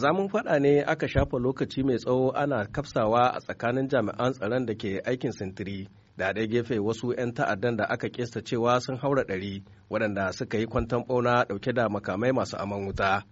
mun faɗa ne aka shafa lokaci mai tsawo ana kafsawa a tsakanin jami'an tsaron da ke aikin sintiri da ɗaya gefe wasu 'yan ta'addan da aka kesta cewa sun haura ɗari waɗanda suka yi kwanton ɓauna ɗauke da makamai masu aman wuta.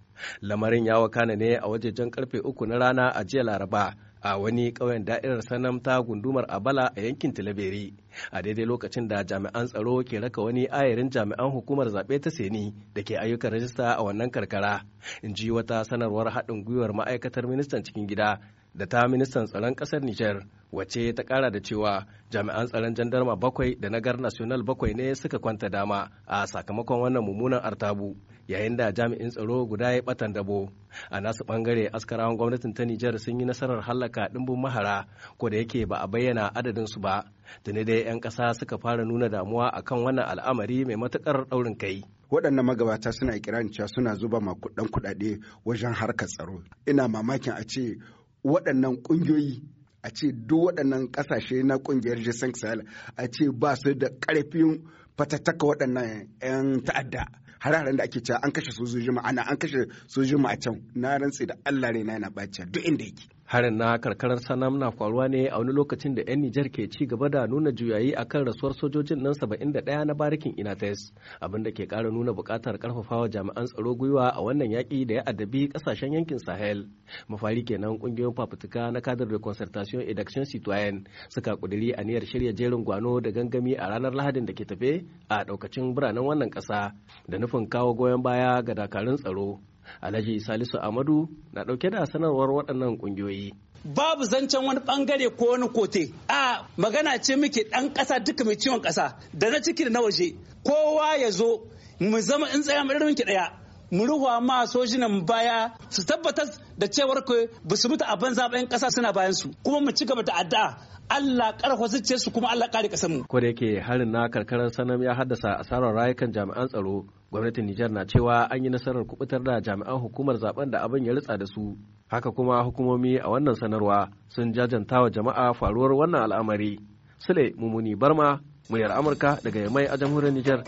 Lamarin ya wakana ne a wajejen karfe uku na rana a jiya Laraba. a wani ƙauyen da'irar sanam ta gundumar abala a yankin tilaberi a daidai lokacin da jami'an tsaro ke raka wani ayarin jami'an hukumar zaɓe ta seni da ke ayyukan rajista a wannan karkara in ji wata sanarwar haɗin gwiwar ma'aikatar ministan cikin gida da ta ministan tsaron ƙasar nijar wacce ta ƙara da cewa jami'an tsaron jandarma bakwai da na gar national bakwai ne suka kwanta dama a sakamakon wannan mummunan artabu yayin da jami'in tsaro guda ya batan dabo a nasu bangare askarawan gwamnatin ta nijar sun yi nasarar hallaka dimbin mahara ko da yake ba a bayyana adadin su ba tuni dai 'yan ƙasa suka fara nuna damuwa akan wannan al'amari mai matuƙar ɗaurin kai waɗannan magabata suna ikirarin cewa suna zuba makudan kuɗaɗe wajen harkar tsaro ina mamakin a ce waɗannan ƙungiyoyi a ce duk waɗannan ƙasashe na ƙungiyar g sahel a ce ba su da ƙarfin fatattaka waɗannan 'yan ta'adda hararen da ake cewa an kashe sojojin mu an kashe sojojin a can na rantse da Allah raina yana baciya duk inda yake Harin na karkarar Sanam na faruwa ne a wani lokacin da 'yan Nijar ke ci gaba da nuna juyayi a kan rasuwar sojojin nan 71 na barikin Inates, abin da ke ƙara nuna buƙatar ƙarfafawa jami'an tsaro gwiwa a wannan yaƙi da ya adabi ƙasashen yankin Sahel. Mafari kenan ƙungiyoyin fafutuka na kadar da concertation et d'action citoyen suka a aniyar shirya jerin gwano da gangami a ranar Lahadin da ke tafe a ɗaukacin biranen wannan ƙasa da nufin kawo goyon baya ga dakarun tsaro Alhaji Salisu Amadu na ɗauke da sanarwar waɗannan ƙungiyoyi. Babu zancen wani ɓangare ko wani kote. A magana ce muke ɗan ƙasa duka mai ciwon ƙasa da na ciki da na waje. Kowa ya zo mu zama in tsaya mu ɗaya. mu ruhuwa ma sojinan baya su tabbatar da cewar ku ba su mutu a banza zaben kasa suna bayan su kuma mu ci gaba da addu'a Allah karfa zuciyar su kuma Allah kare kasar mu. Ko da yake harin na karkarar sanam ya haddasa asarar rayukan jami'an tsaro, gwamnatin Nijar na cewa an yi nasarar kubutar da jami'an hukumar zaben da abin ya ritsa da su. Haka kuma hukumomi a wannan sanarwa sun jajanta wa jama'a faruwar wannan al'amari. Sule Mumuni Barma, muryar Amurka daga Yamai a jamhuriyar Nijar.